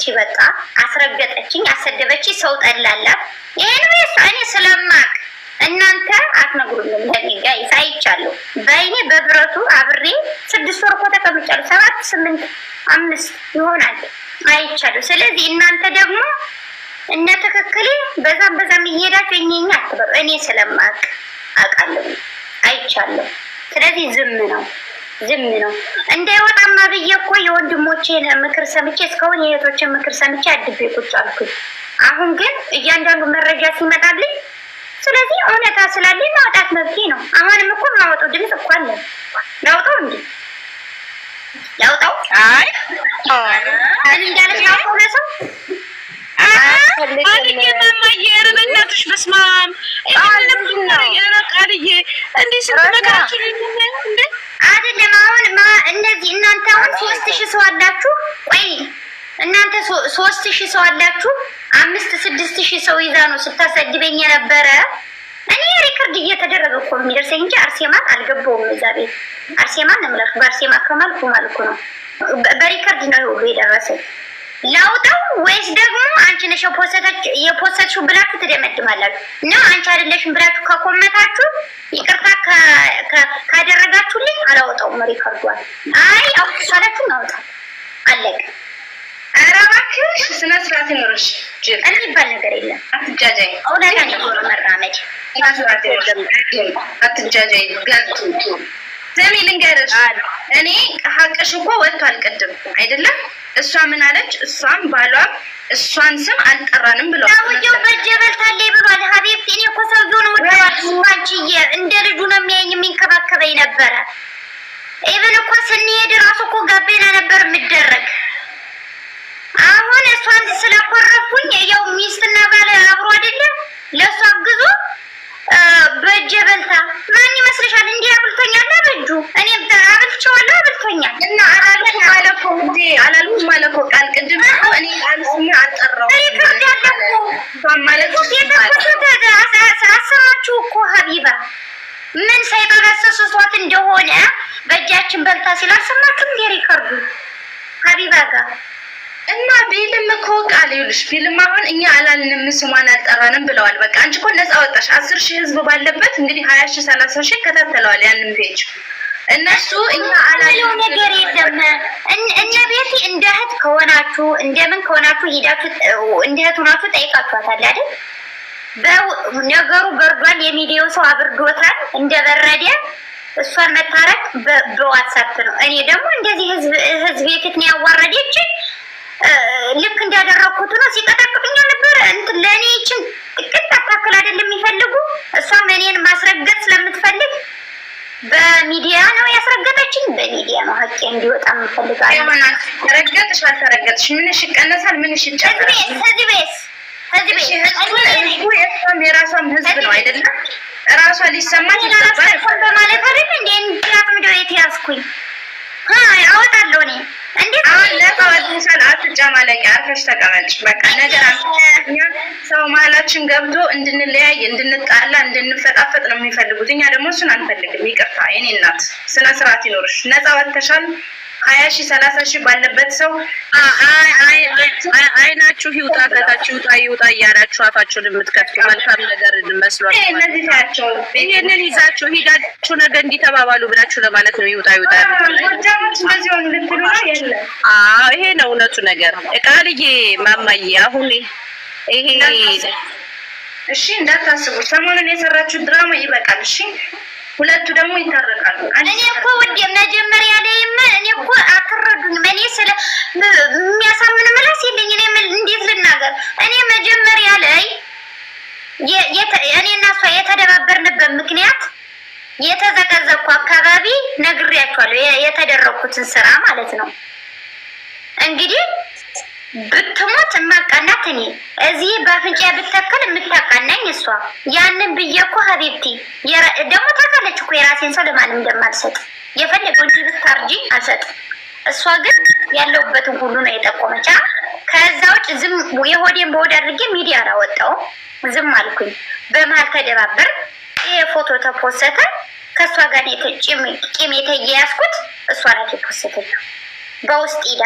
አንቺ በቃ አስረገጠችኝ፣ አሰደበች፣ ሰው ጠላላት። ይሄን ወይስ እኔ ስለማቅ እናንተ አትነግሩኝም። ለኔ ይሳይቻለሁ አይቻለሁ። በብረቱ አብሬ ስድስት ወር እኮ ተቀምጫለሁ። ሰባት ስምንት አምስት ይሆናል አይቻለሁ። ስለዚህ እናንተ ደግሞ እነ ትክክል በዛም በዛም እየሄዳችሁ እኛኛ አትበሩ። እኔ ስለማቅ አውቃለሁ፣ አይቻለሁ። ስለዚህ ዝም ነው ዝም ነው እንዳይወጣማ ብዬ እኮ የወንድሞቼን ምክር ሰምቼ እስካሁን የእህቶችን ምክር ሰምቼ አድቤ ቁጭ አልኩኝ። አሁን ግን እያንዳንዱ መረጃ ሲመጣልኝ፣ ስለዚህ እውነታ ስላለኝ ማውጣት መብቴ ነው። አሁንም እኮ ማወጡ ድምፅ እኮ አለ። ያውጣው እንዲ ያውጣው እንዳለች ሰው አልዬ ማማዬ፣ ኧረ በእናትሽ በስመ አብ አይደለም። አሁን እንደዚህ እናንተ አሁን ሶስት ሺህ ሰው አላችሁ። ቆይ እናንተ ሶስት ሺህ ሰው አላችሁ። አምስት ስድስት ሺህ ሰው ይዛ ነው ስታሰድበኝ የነበረ። እኔ ሪከርድ እየተደረገ እኮ ነው የሚደርሰኝ እንጂ አርሴማን አልገባውም። እዛ ቤት አርሴማን ነው የምላችሁ። በአርሴማ ከማልኩ ማልኩ ነው በሪከርድ ነው የደረሰኝ ላውጣው ወይስ ደግሞ አንቺ ነሽ የፖሰትሽው ብላችሁ ትደመድማላችሁ። እና አንቺ አይደለሽም ብላችሁ ከኮመታችሁ ይቅርታ ካደረጋችሁልኝ አላወጣውም። ሪከርዷል። አይ አውጥሻላችሁ ናውጣ አለቅ አራባችሁ ስነ ስርዓት ይኖርሽ የሚባል ነገር የለም። አትጃጃይ። እውነታ ነው መራመድ ስነ ስርዓት ይኖርሽ አትጃጃይ። ጋቱ ልንገርሽ እኔ ሀቅሽ እኮ ወጥቷል ቅድም አይደለም እሷ ምን አለች እሷም ባሏ እሷን ስም አልጠራንም ብለዋል ሰውየው በጀበል ታለ ብሏል ሀቢብቲ እኔ እኮ ሰውየውን ወደዋል አንቺዬ እንደ ልጁ ነው የሚያየኝ የሚንከባከበኝ ነበረ ኢብን እኮ ስንሄድ ራሱ እኮ ጋቤና ነበር የምደረግ አሁን እሷን ስለኮረኩኝ ያው ሚስትና ባለ አብሮ አይደለም ለእሷ አግዞ በእጄ በልታ ማን ይመስልሻል? እንዲህ አብልቶኛል። በእጁ እኔ አብልቼዋለሁ፣ አብልቶኛል። እና አላልኩም አለ እኮ ውዴ፣ አላልኩም አለ እኮ ቃል ቅድም እኔ አንስሜ አልጠራሁም አሰማችሁ እኮ ሀቢባ ምን ሳይበረሰሱት እንደሆነ በእጃችን በልታ ሲል አልሰማችሁም? ሪከርዱ ሀቢባ ጋር እና ቤልም እኮ ቃል ይሉሽ ፊልም አሁን እኛ አላልንም ስሟን አልጠራንም ብለዋል። በቃ አንቺ እኮ ነፃ ወጣሽ። አስር ሺህ ህዝብ ባለበት እንግዲህ ሀያ ሺህ ሰላሳ ሺህ ከታተለዋል ያንን ፔጅ እነሱ እኛ አላልንም ነገር የለም እኛ ቤቲ እንደ እህት ከሆናችሁ እንደምን ከሆናችሁ ሂዳችሁ እንደ እህት ሆናችሁ ጠይቃችኋታል አይደል? በነገሩ በርዷል። የሚዲያው ሰው አብርዶታል። እንደበረደ እሷን መታረቅ በዋትሳፕ ነው። እኔ ደግሞ እንደዚህ ህዝብ ፊት ነው ያዋረደችን ልክ እንዲያደረግኩት ነው። ሲቀጠቅጡኛ ነበር እንትን ለእኔ ይችን ጥቅት አካክል አይደለም የሚፈልጉ እሷም እኔን ማስረገጥ ስለምትፈልግ በሚዲያ ነው ያስረገጠችኝ። በሚዲያ ነው ሀቄ እንዲወጣ የምፈልግ ረገጥሽ አልተረገጥሽ ምንሽ ይቀነሳል? ምንሽ ይጨምራል? ህዝብ ቤት ህዝብ ቤት የራሷን ህዝብ ነው አይደለም ራሷ ሊሰማት ይገባል በማለት አይደል እንዴ እንዲያ ምድ የተያዝኩኝ አወጣለሁ እኔ አሁን ለፈወድሰን አትጨማለቂ፣ አርፈሽ ተቀመጭ። በቃ ነገር ሰው መሀላችን ገብቶ እንድንለያይ፣ እንድንጣላ፣ እንድንፈጣፈጥ ነው የሚፈልጉት። እኛ ደግሞ እሱን አንፈልግም። ይቅርታ የኔ እናት፣ ስነ ስርዓት ይኖርሽ። ነፃ ወተሻል። ሀያ ሺ ሰላሳ ሺህ ባለበት ሰው አይናችሁ ይውጣ ከታችሁ ይውጣ ይውጣ እያላችሁ አፋችሁን የምትከፍቱ መልካም ነገር መስሏል። ይህንን ይዛችሁ ሂዳችሁ ነገ እንዲተባባሉ ብላችሁ ለማለት ነው። ይውጣ ይውጣ ይሄ ነው እውነቱ ነገር። ቃልዬ ማማዬ አሁን ይሄ እሺ እንዳታስቡ። ሰሞኑን የሰራችሁ ድራማ ይበቃል። እሺ ሁለቱ ደግሞ ይታረቃሉ። እኔ እኮ ውዴ መጀመሪያ ላይም እኔ እኮ አትረዱኝም። እኔ ስለ የሚያሳምን ምላስ የለኝ። እኔ እንዴት ልናገር? እኔ መጀመሪያ ላይ እኔ እና እሷ የተደባበርንበት ምክንያት የተዘቀዘቅኩ አካባቢ ነግሬያቸዋለሁ። የተደረኩትን ስራ ማለት ነው እንግዲህ ብትሞት እማቃናት እኔ እዚህ በአፍንጫ ብተክል የምታቃናኝ እሷ። ያንን ብዬ እኮ ሀቢብቲ ደግሞ ታውቃለች እኮ የራሴን ሰው ለማንም እንደማልሰጥ የፈለገው እንጂ ብታርጂ አልሰጥም። እሷ ግን ያለውበትን ሁሉ ነው የጠቆመች። ከዛ ውጭ ዝም የሆዴን በወድ አድርጌ ሚዲያ አላወጣውም፣ ዝም አልኩኝ። በመሀል ተደባበር ይሄ ፎቶ ተፖሰተ። ከእሷ ጋር ቂም የተያያዝኩት እሷ ናት የፖሰተችው በውስጥ ኢዳ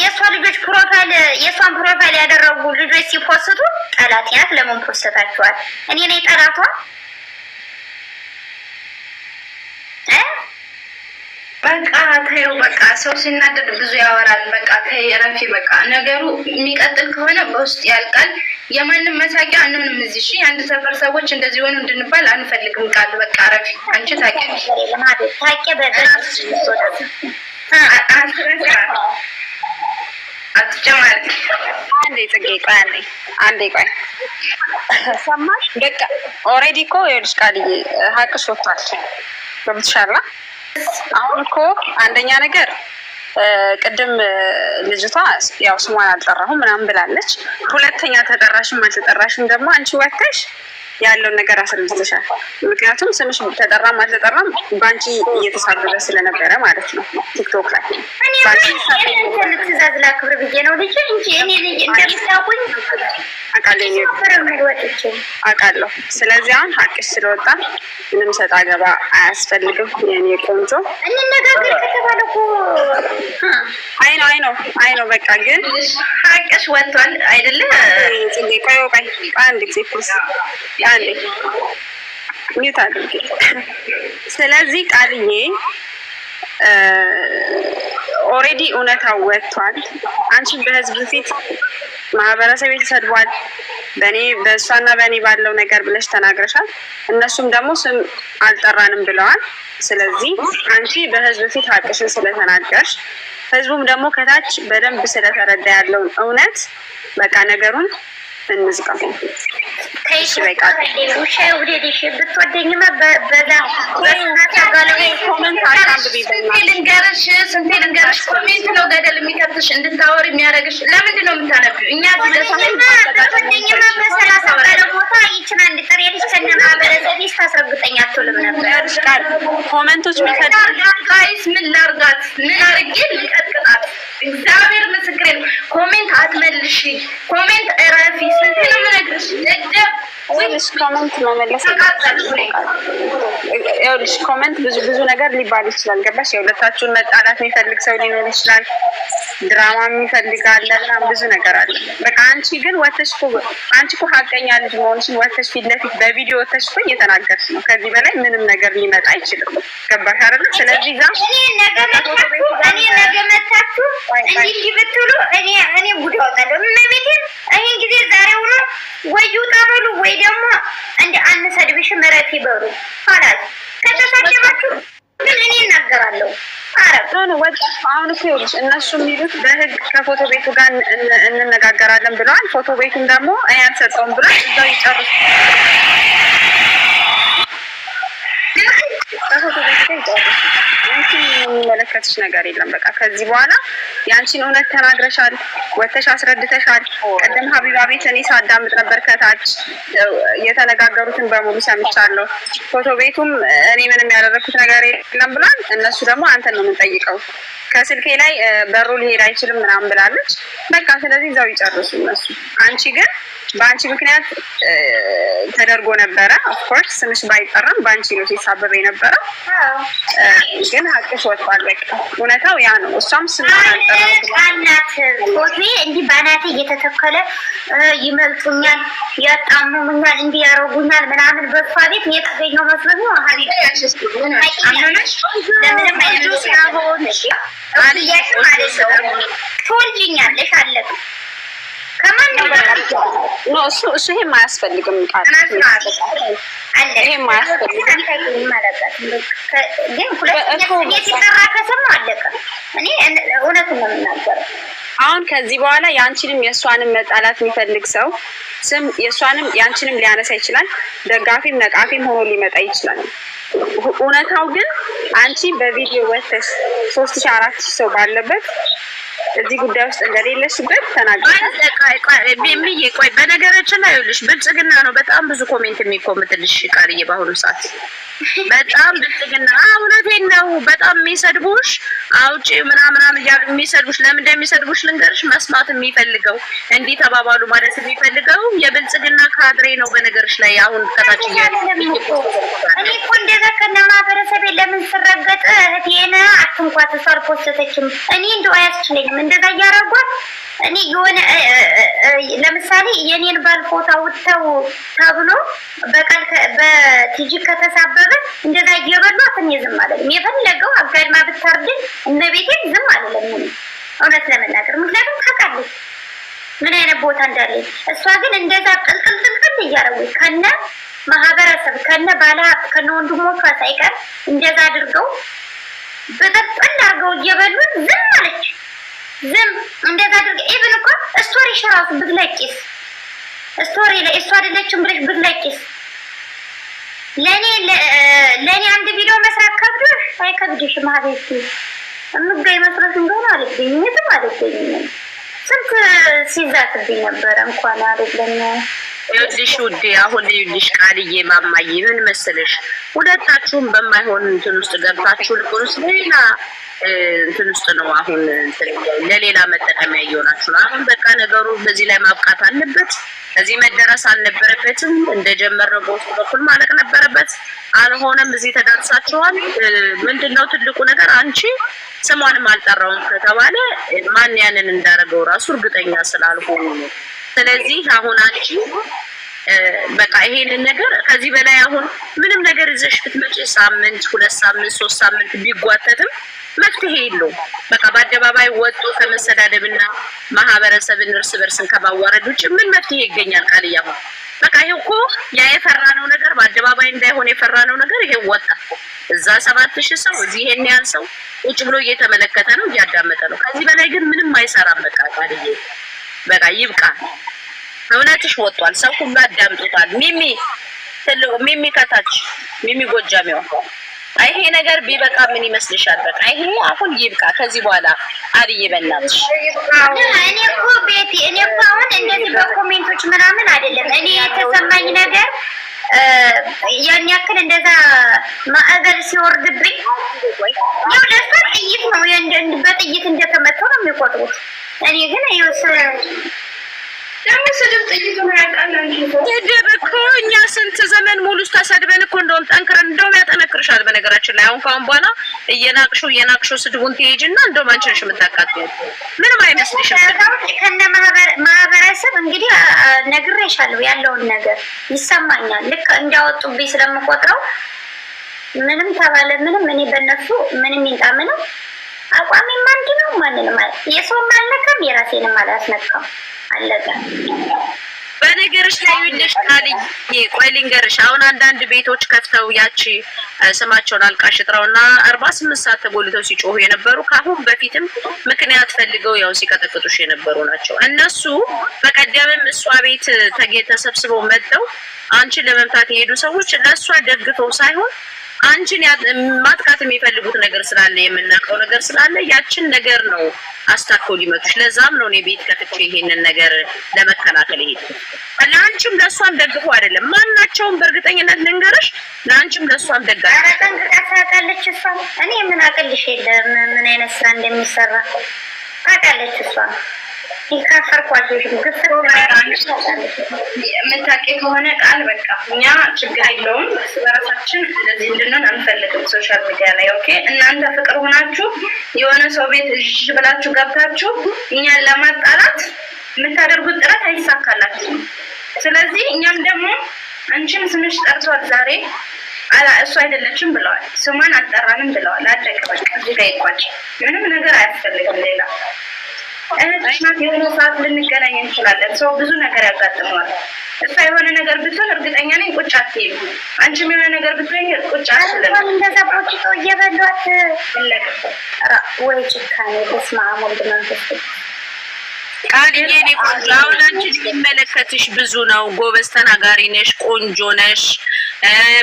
የእሷ ልጆች ፕሮፋይል የእሷን ፕሮፋይል ያደረጉ ልጆች ሲፖስቱ ጠላት ያት ለምን ፖስታችኋል? እኔ ነኝ ጠላቷ በቃ ተይው፣ በቃ ሰው ሲናደድ ብዙ ያወራል። በቃ ተይ ረፊ፣ በቃ ነገሩ የሚቀጥል ከሆነ በውስጥ ያልቃል። የማንም መሳቂያ አንሆንም። እዚህ እሺ፣ አንድ ሰፈር ሰዎች እንደዚህ ሆኑ እንድንባል አንፈልግም። ቃል በቃ ረፊ፣ አንቺ ታውቂያለሽ። አንዴ ጽጌ ቆይ፣ አንዴ አንዴ ቆይ፣ ሰማሽ? በቃ ኦልሬዲ እኮ ይኸውልሽ፣ ቃልዬ ሀቅሽ ወጥቷል። ገብትሻላ? አሁን እኮ አንደኛ ነገር ቅድም ልጅቷ ያው ስሟን አልጠራሁም ምናምን ብላለች። ሁለተኛ ተጠራሽም አልተጠራሽም ደግሞ አንቺ ወተሽ ያለውን ነገር አስረድተሻል። ምክንያቱም ስምሽ ተጠራም አልተጠራም ባንቺ እየተሳደበ ስለነበረ ማለት ነው። ቲክቶክ ላይ ትእዛዝ ላክብር ብዬ ነው ልጅ እንጂ እኔ ልጅ እንደምታውቁኝ አውቃለሁ። ስለዚህ አሁን ሀቅሽ ስለወጣ ምንም ሰጥ አገባ አያስፈልግም። የኔ ቆንጆ እንነጋገር ከተባለ እኮ አይ ነው አይ ነው አይ ነው በቃ ግን ሀቅሽ ወጥቷል አይደለ? ቆይ ቆይ አንድ ጊዜ ፖስ አንዴ ሚዩት አድርጌ። ስለዚህ ቃልዬ ኦሬዲ እውነታው ወጥቷል። አንቺን በህዝብ ፊት ማህበረሰብ የተሰድቧል በእኔ በእሷና በእኔ ባለው ነገር ብለሽ ተናግረሻል። እነሱም ደግሞ ስም አልጠራንም ብለዋል። ስለዚህ አንቺ በህዝብ ፊት ሀቅሽን ስለተናገርሽ ህዝቡም ደግሞ ከታች በደንብ ስለተረዳ ያለውን እውነት በቃ ነገሩን እንዝጋ። ብትወደኝማ ልንገርሽ፣ ስንቴ ልንገርሽ፣ ኮሜንት ነው ገደል የሚከብትሽ እንድታወሪ የሚያደርግሽ። ለምንድን ነው የምታነቢው? እኛ ብትወደኝማ በሰላሳ ቦታ ይችን አንድ ጥሬ ልጅ ከእነ ማህበረሰብ አትውልም ነበር። ጋይስ፣ ምን ላርጋት? ምን አርጌ ልቀጥቅጣት? እግዚአብሔር ምስክሬ ነው። ኮሜንት አትመልሽ ኮሜንት ይኸውልሽ ኮመንት ብዙ ብዙ ነገር ሊባል ይችላል። ገባሽ? የሁለታችሁን መጣላት የሚፈልግ ሰው ሊኖር ይችላል። ድራማ የሚፈልጋል ምናምን ብዙ ነገር አለ። በቃ አንቺ ግን ወተሽ አንቺ እኮ ሀቀኛ ልጅ መሆንሽን ወተሽ ፊት ለፊት በቪዲዮ ወተሽ እኮ እየተናገርሽ ነው። ከዚህ በላይ ምንም ነገር ሊመጣ አይችልም። ገባሽ አይደለም? ስለዚህ ዛ ነገ መታችሁ እንዲህ እንዲህ ብትሉ እኔ እኔ ጉድ እመቤቴን ጊዜ ዛሬ ሆኖ ወይ ውጣ በሉ ወይ ደግሞ እንደ አንሰድብሽ ምረት ይበሉ አላል ከተሳደባችሁ እኔ እናገራለሁ። አሁን እኮ እነሱ የሚሉት በህግ ከፎቶ ቤቱ ጋር እንነጋገራለን ብለዋል። ፎቶ ቤቱም ደግሞ እኔ አልሰጠውም ብሏል። እዛው ይጨርሱ፣ ከፎቶ ቤቱ ጋር ይጨርሱ። አንቺን የሚመለከትሽ ነገር የለም። በቃ ከዚህ በኋላ የአንቺን እውነት ተናግረሻል፣ ወተሽ አስረድተሻል። ቀደም ሀቢባ ቤት እኔ ሳዳምጥ ነበር ከታች የተነጋገሩትን በሙሉ ሰምቻለሁ። ፎቶ ቤቱም እኔ ምንም ያደረግኩት ነገር የለም ብላል። እነሱ ደግሞ አንተን ነው የምንጠይቀው ከስልኬ ላይ በሩ ሊሄድ አይችልም ምናምን ብላለች። በቃ ስለዚህ እዛው ይጨርሱ እነሱ። አንቺ ግን በአንቺ ምክንያት ተደርጎ ነበረ። ኦፍኮርስ ስምሽ ባይጠራም በአንቺ ነው ሲሳበብ የነበረ፣ ግን ሀቅሽ ወጥቷል። በቃ እውነታው ያ ነው። እሷም ስናናት ፎቴ እንዲህ በአናቴ እየተተከለ ይመልጡኛል፣ ያጣምሙኛል፣ እንዲህ ያረጉኛል ምናምን በእሷ ቤት የተገኘው መስሎኝ ነው። ለምንም አይነት አለ እሱ ይሄም አያስፈልግም። አሁን ከዚህ በኋላ የአንቺንም የእሷንም መጣላት የሚፈልግ ሰው ስም የእሷንም የአንቺንም ሊያነሳ ይችላል። ደጋፊም ነቃፊም ሆኖ ሊመጣ ይችላል። እውነታው ግን አንቺ በቪዲዮ ወተሽ ሶስት ሺ አራት ሰው ባለበት እዚህ ጉዳይ ውስጥ እንደሌለሽበት ተናግሮምዬ ቆይ፣ በነገራችን ላይ ይኸውልሽ ብልጽግና ነው በጣም ብዙ ኮሜንት የሚቆምትልሽ ቃልዬ በአሁኑ ሰዓት በጣም ብልጽግና እውነቴን ነው። በጣም የሚሰድቡሽ አውጪ ምናምናም እያሉ የሚሰድቡሽ ለምን እንደሚሰድቡሽ ልንገርሽ። መስማት የሚፈልገው እንዲህ ተባባሉ ማለት የሚፈልገው የብልጽግና ካድሬ ነው። በነገርሽ ላይ አሁን ከታች እኔ እኮ እንደዛ ከነ ማህበረሰቤ ለምን ስረገጥ እህቴን አትንኳት እሷ አልፖስተተችም። እኔ እንደው አያስችለኝም እንደዛ እያረጓት እኔ የሆነ ለምሳሌ የኔን ባል ፎቶ አውጥተው ተብሎ በቃል በቲጂ ከተሳበ ስለዚህ እንደዛ እየበሏት እኔ ዝም አልልም። የፈለገው አጋድማ ብታርድን እነ ቤቴን ዝም አልልም። እውነት ለመናገር ምክንያቱም ታውቃለች ምን አይነት ቦታ እንዳለች። እሷ ግን እንደዛ ቅልቅልቅልቅል እያረጉኝ ከነ ማህበረሰብ ከነ ባለሀብት ከነ ወንድሞቿ ሳይቀር እንደዛ አድርገው በጠጥል አድርገው እየበሉት ዝም አለች። ዝም እንደዛ አድርገ ኢቭን እኮ ስቶሪ ሸራሱ ብትለቂስ ስቶሪ ላይ እሷ አይደለችም ብለሽ ብትለቂስ ለእኔ ለእኔ አንድ ቪዲዮ መስራት ከብዶሽ አይከብድሽም ሀገሪቱ የምገኝ መስሎሽ እንደሆነ አልገኝነትም አልገኝም ስንት ሲዛትብኝ ነበረ እንኳን አይደለም ይኸውልሽ ውዴ አሁን ይኸውልሽ ቃልዬ ማማዬ ምን መሰለሽ፣ ሁለታችሁም በማይሆን እንትን ውስጥ ገብታችሁ ልቁንስ ሌላ እንትን ውስጥ ነው አሁን ለሌላ መጠቀሚያ እየሆናችሁ ነው። አሁን በቃ ነገሩ በዚህ ላይ ማብቃት አለበት። እዚህ መደረስ አልነበረበትም። እንደጀመርነው በውስጥ በኩል ማለቅ ነበረበት። አልሆነም። እዚህ ተዳርሳችኋል። ምንድን ነው ትልቁ ነገር አንቺ ስሟንም አልጠራውም ከተባለ ማን ያንን እንዳደረገው ራሱ እርግጠኛ ስላልሆኑ ነው። ስለዚህ አሁን አንቺ በቃ ይሄንን ነገር ከዚህ በላይ አሁን ምንም ነገር ይዘሽ ብትመጪ ሳምንት፣ ሁለት ሳምንት፣ ሶስት ሳምንት ቢጓተትም መፍትሄ የለው በቃ በአደባባይ ወጡ ከመሰዳደብና ማህበረሰብን እርስ በርስን ከማዋረድ ውጭ ምን መፍትሄ ይገኛል? ቃል አሁን በቃ ይሄ እኮ ያ የፈራነው ነገር በአደባባይ እንዳይሆን የፈራነው ነገር ይሄ ወጣ። እዛ ሰባት ሺህ ሰው እዚህ ይሄን ያህል ሰው ቁጭ ብሎ እየተመለከተ ነው፣ እያዳመጠ ነው። ከዚህ በላይ ግን ምንም አይሰራም። በቃ ቃልዬ በቃ ይብቃ። እውነትሽ ወጥቷል። ሰው ሁሉ አዳምጡታል። ሚሚ ትልቁ ሚሚ ከታች ሚሚ ጎጃሚዋ ይሄ ነገር ቢበቃ ምን ይመስልሻል? በቃ ይሄ አሁን ይብቃ። ከዚህ በኋላ አብዬ በእናትሽ እኔ እኮ ቤቲ እኔ እኮ አሁን እንደዚህ በኮሜንቶች ምናምን አይደለም እኔ የተሰማኝ ነገር ያን ያክል እንደዛ ማዕበል ሲወርድብኝ ያው ለእሷ ጥይት ነው በጥይት እንደተመተው ነው የሚቆጥሩት እኔ ግን የወሰነ ስድብ እኮ እኛ ስንት ዘመን ሙሉ ስታሰድበን እኮ እንደውም ጠንክረን እንደውም ያጠነክርሻል። በነገራችን ላይ አሁን ከአሁን በኋላ እየናቅሹ እየናቅሹ ስድቡን እንደውም ምንም አይመስልሽም። ማህበረሰብ እንግዲህ ነግሬሻለሁ ያለውን ነገር ይሰማኛል። ልክ እንዳወጡብኝ ስለምቆጥረው ምንም ተባለ ምንም እኔ በነሱ ምንም ይንጣምነው አቋሚ ማንድ ነው ማንን ማለት የሰው ማለክ አልነካም፣ የራሴንም አላስነካም። አለቀ። በነገርሽ ላይ ይኸውልሽ፣ ታልዬ ቆይ ልንገርሽ። አሁን አንዳንድ ቤቶች ከፍተው ያቺ ስማቸውን አልቃሽጥረውና አርባ ስምንት ሰዓት ተጎልተው ሲጮሁ የነበሩ ከአሁን በፊትም ምክንያት ፈልገው ያው ሲቀጠቅጡሽ የነበሩ ናቸው። እነሱ በቀደምም እሷ ቤት ተሰብስበው መጥተው አንቺን ለመምታት የሄዱ ሰዎች ለእሷ ደግፈው ሳይሆን አንቺን ማጥቃት የሚፈልጉት ነገር ስላለ የምናውቀው ነገር ስላለ ያችን ነገር ነው አስታኮ ሊመቱሽ። ለዛም ነው እኔ ቤት ከፍቼ ይሄንን ነገር ለመከላከል ይሄድ ለአንቺም ለእሷም ደግፎ አይደለም ማናቸውም፣ በእርግጠኝነት ልንገርሽ፣ ለአንቺም ለእሷም ደጋ ታውቃለች። እሷም እኔ ምን አቅልሽ የለም ምን አይነት ስራ እንደሚሰራ ታውቃለች እሷም የምታውቂው ከሆነ ቃል በቃ እኛ ችግር የለውም በራሳችን እንደዚህ እንድንሆን አንፈልግም። ሶሻል ሚዲያ ላይ ኦኬ፣ እናንተ ፍቅር ሆናችሁ የሆነ ሰው ቤት እዥ ብላችሁ ገብታችሁ እኛን ለማጣላት የምታደርጉት ጥረት አይሳካላችሁም። ስለዚህ እኛም ደግሞ አንቺም ስምሽ ጠርቷል ዛሬ አላ እሱ አይደለችም ብለዋል። ስሟን አጠራንም ብለዋል። አደገ በቃ እዚህ ጋር ይቋጭ። ምንም ነገር አያስፈልግም ሌላ እህትሽ የሆነ ሰዓት ልንገናኝ እንችላለን። ሰው ብዙ ነገር ያጋጥመዋል። እሷ የሆነ ነገር ብትሆን እርግጠኛ ነኝ ቁጭ አትይም። አንቺም የሆነ ነገር ብትሆኝ ቁጭ አትልም። እንደዛ ቆጭቶ እየበሏት ወይ ጭካኔ ተስማ ሞልድ መንፈስ ቃልዬ እኔ ቆንጆ አሁን አንቺን የሚመለከትሽ ብዙ ነው። ጎበዝ ተናጋሪ ነሽ፣ ቆንጆ ነሽ።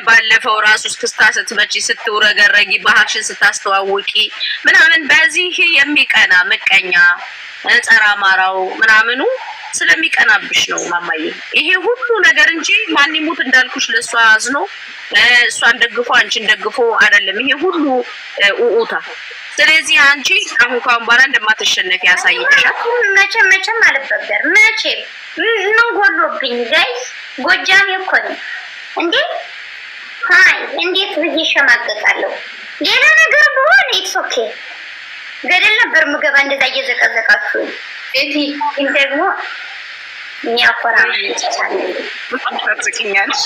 ባለፈው ራሱ ክስታ ስትመጪ ስትውረገረጊ ባህርሽን ስታስተዋውቂ ምናምን በዚህ የሚቀና ምቀኛ ጸረ አማራው ምናምኑ ስለሚቀናብሽ ነው ማማዬ። ይሄ ሁሉ ነገር እንጂ ማን ይሙት እንዳልኩሽ ለእሷ አዝኖ እሷን ደግፎ አንቺን ደግፎ አይደለም። ይሄ ሁሉ ኡኡታ። ስለዚህ አንቺ አሁን ካሁን በኋላ እንደማትሸነፍ ያሳይሻል። መቼም መቼም አልበገር መቼም ምን ጎሎብኝ ጋይ ጎጃም እኮ እንዴ ሀይ እንዴት ብዬ እሸማቀቃለሁ? ሌላ ነገር በሆነ ኢትስ ኦኬ። ገደል ነበር ምገባ እንደዛ እየዘቀዘቃችሁ ቤቲ ግን ደግሞ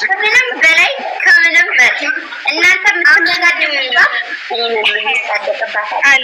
ከምንም በላይ ከምንም በላይ እናንተ ምትነጋደሙባት እኔ ነው ሳደቅባታል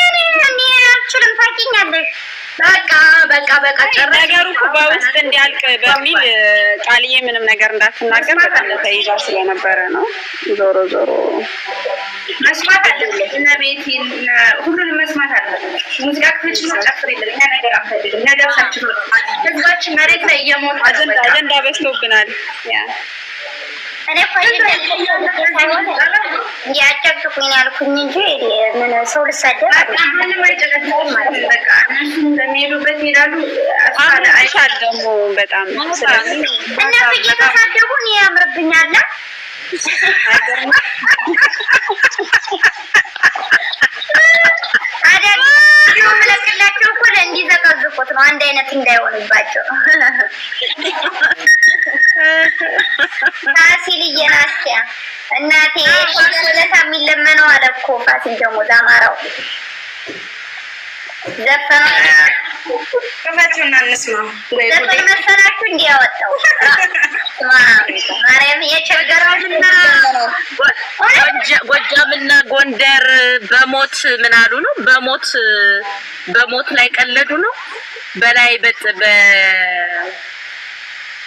ሁላችንም ታውቂኛለሽ። በቃ በቃ በቃ ነገሩ በውስጥ እንዲያልቅ በሚል ቃልዬ ምንም ነገር እንዳትናገር በጣም ተይዛ ስለነበረ ነው። ዞሮ ዞሮ መስማት አለብሽ እነ ቤቲን ሁሉንም መስማት አለብሽ። ሙዚቃ ክፍልች ነው ጨፍር የለም እኛ ነገር አንፈልግም። ነገር ሳችሁ ህዝባችን መሬት ላይ እየሞት አጀንዳ በዝቶብናል። እኔ እኮ እያጨቅጭቁኝ ነው ያልኩኝ እንጂ ምን ሰው ልሳደብ በሚሄዱበት ደግሞ በጣም እነሱ እየተሳደቡ ያምርብኛል ቪዲዮ የምለቅላቸው እኮ እንዲዘቀዝቁት ነው፣ አንድ አይነት እንዳይሆንባቸው። ፋሲል እየናስያ እናቴ ለታ የሚለመነው አለ እኮ ፋሲል ደግሞ ለአማራው እንዲያወጣው ጎጃምና ጎንደር በሞት ምን አሉ ነው? በሞት በሞት ላይ ቀለዱ ነው በላይ በ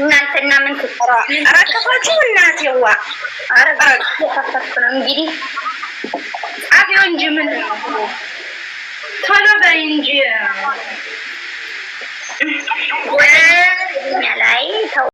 እናንተና ምን ትሰራ ረከፋችሁ? እናቴዋ ረከፋችሁ ነው እንግዲህ አብዮ እንጂ ምን ቶሎ በይ እንጂ ወደ እኛ ላይ ተው።